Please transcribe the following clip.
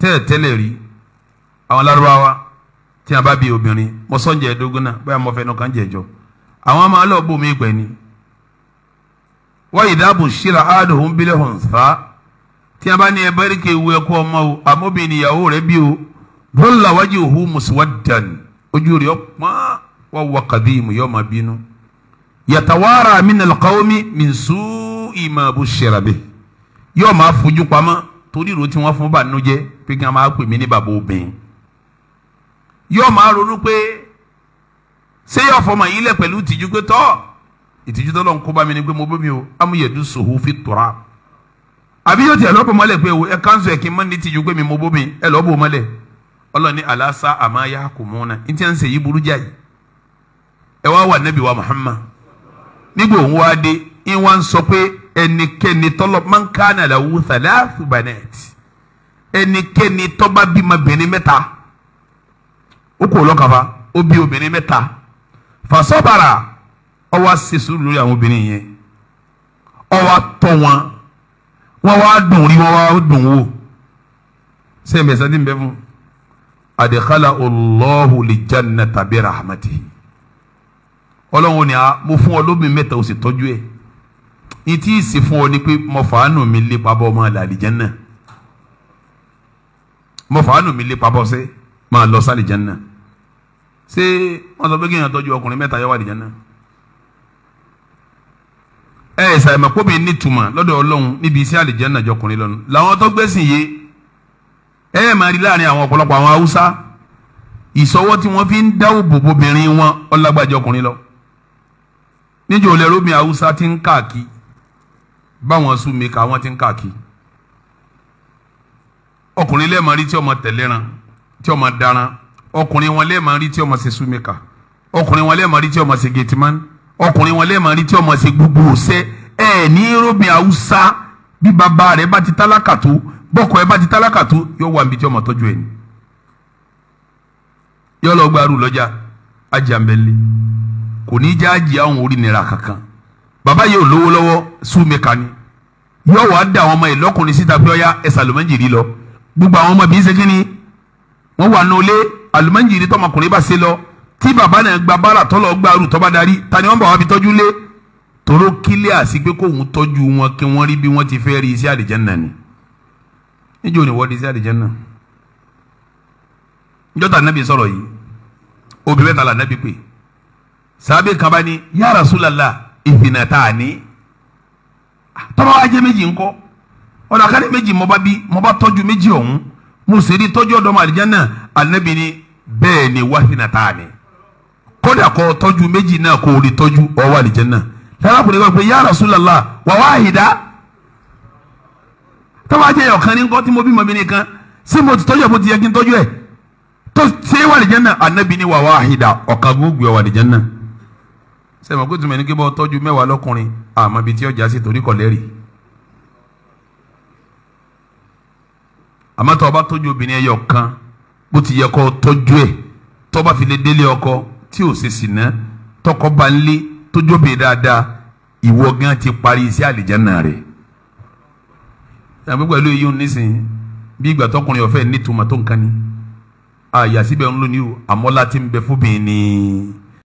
tẹ́lẹ̀ tẹ́lẹ̀ rí àwọn Lárúbáwá tí a bá bí obìnrin mọ́sánjẹ́ ẹ̀ẹ́dógún náà bóyá mo fẹnu kan jẹ̀jọ́ àwọn máa lọ bómi ìgbẹ́ ni wọ́n ìdáàbò ṣíra áàdùn bílẹ̀ hàn sá tí a bá ní ẹ bẹ́ríkì ewu ẹ̀kọ́ ọmọ o àmọ́bìnrin ìyàwó rẹ̀ bí o bọ́lá wájú òhun muswaddan ojú rẹ̀ ọ̀pọ̀n wọ́n wọ kàdíìmù yọ ọmọ bínú yàtàwárà min al-qawmi min su'i ma bushira bihi yọ máa fojú pamọ́ torí ìró tí wọ́n fún bànújẹ́ pé kí wọ́n máa pè mí ní bàbá obìnrin yóò máa ronú pé ṣé yóò fọmọ yìí lẹ pẹ̀lú ìtìjú pé tọ́ ìtìjú tó lọ́n kó bá mi ni pé mo bómi o amúyẹ̀dú sòwò fi tura àbí yóò tiẹ̀ lọ́pọ̀ mọ́lẹ̀ pé o ẹ kánṣu ẹ̀ kí n má ní ìtìjú pé mi mo ẹ mọ́lẹ̀ ọlọ́ni aláṣà àmáyá wa Muhammad nígbà òun wá ń wá ń sọ pé ẹnikẹ́ni tọ́lọ́ máa ń ká nàlá wù sàlẹ́àfù bànẹ́ẹ̀tì ẹnikẹ́ni tọ́ba bímọ bìnrin mẹ́ta ó kò lọ́kàfa ó bí obìnrin mẹ́ta fasọ́bàrà ó wá ṣe sùúrù lórí àwọn obìnrin yẹn ó wá tọ́ wọn wọ́n wá dùn rí wọ́n wá dùn wò sẹ́yìn bẹ́ẹ̀ sẹ́yìn bẹ́ẹ̀ fún adekala Allahu li jannata bi rahmatihi ọlọ́run ni a mo fún ọ lómi mẹ́ta o sì tọ́jú ẹ̀ ìtí ìsìn fún ọ ni pé mo fàánù mi lé pabọ́ máa lọ àlìjẹ́nà mo fàánù mi lé pabọ́ sí máa lọ sí àlìjẹ́nà ṣé wọ́n sọ pé kéèyàn tọ́jú ọkùnrin mẹ́ta yóò wà àlìjẹ́nà ẹ ẹ sàìmọ̀ kó mi nítumọ̀ lọ́dọ̀ ọlọ́run níbi iṣẹ́ àlìjẹ́nà jọkùnrin lọ́nu làwọn tó gbẹ́sìn yé ẹ ẹ máa rí láàrin àwọn ọ̀pọ̀lọpọ̀ àwọn haúsá ìsọwọ́ tí wọ́n fi ń dáwò bòbobìnrin wọn ọlágbàjọkùnrin lọ níjọ́ lẹ́rú mi haúsá ti ń káàkiri báwọn súnmi ká wọ́n ti ń káàkiri ọkùnrin lẹ́ẹ̀mọ́ rí tí ọmọ tẹ̀léran tí ọmọ daran ọkùnrin wọn lẹ́ẹ̀mọ́ rí tí ọmọ ṣe súnmi ká ọkùnrin wọn lẹ́ẹ̀mọ́ rí tí ọmọ ṣe gẹ̀tìmán ọkùnrin wọn rí tí ọmọ gbogbo ọ̀sẹ́ ẹ̀ ní robin haúsá bí bàbá rẹ̀ bá ti tálákà tó ẹ̀ ti tálákà tó yóò tí ọmọ tọ́jú ẹ̀ gba lọ́jà ajá kò ní í já Baba yìí ò lówó lọ́wọ́ súnmẹ́ka ni yóò wá da àwọn ọmọ yìí lọ́kùnrin síta pé ọ̀ya ẹ̀sà àlùmọ́njìrì lọ gbogbo àwọn ọmọ bíi ṣẹ́kínni wọ́n wà nulẹ̀ àlùmọ́njìrì tọmọkùnrin bá ṣe lọ tí bàbá náà gba bára tọ́lọ̀ gbàrú tọ́ba darí ta ni wọ́n bá wá fi tọ́jú lé toró kílẹ̀ àsì pé kóun tọ́jú wọn kí wọ́n rí bí wọ́n ti fẹ́ rí iṣẹ́ àlìjẹ́nà ni níjó ni wọ́n di iṣẹ́ àlìjẹ́nà níjọ́ta nàbì sọ̀rọ̀ yìí obìnrin tàlà nàbì pé sàbẹ̀ kan bá ní ya ìhìnà tá a ní tọ́ba wa jẹ́ méjì ńkọ́ ọ̀dọ̀ àkàlẹ́ méjì mo bá bí mo bá tọ́jú méjì ọ̀hún mo sì rí tọ́jú ọ̀dọ́ ọmọ àlìjáná ànábì ni bẹ́ẹ̀ ni wá hìnà tá a ní kódà kọ́ tọ́jú méjì náà kò rí tọ́jú ọwọ́ àlìjáná lárákùnrin kan pé ya Rasulullah wà wá àhìdá tọ́ba wa jẹ́ ọ̀kan ní ńkọ́ tí mo bí mọ̀mí nìkan sí mo ti tọ́jú ẹ̀ mo ti yẹ kí n tọ́jú ẹ̀ tó ṣe wà àlìjáná ànábì ni wà wá àhìdá ọ̀kan gbogbo ọwọ́ àlìjáná sẹ́mi ọ̀gbìn tún mẹ́ni kí bọ́ tọ́jú mẹ́wàá lọ́kùnrin àmọ́ ibi tí ọjà sì torí kọ̀ lẹ́rìí. àmọ́ tó o bá tọ́jú obìnrin ẹyọ kan bó ti yẹ kó o tọ́jú ẹ̀ tó o bá fi lè délé ọkọ tí ò ṣe sìnà tọkọ bá ń lé tójú obìnrin dáadáa ìwọ gan ti parí iṣẹ́ àlìjánná rẹ̀. sẹ́mi pẹ̀lú iyún nísìnyí bí ìgbà tọkùnrin ọ̀fẹ́ nítumọ̀ tó nǹkan ni àyà síbẹ̀ ń lónìí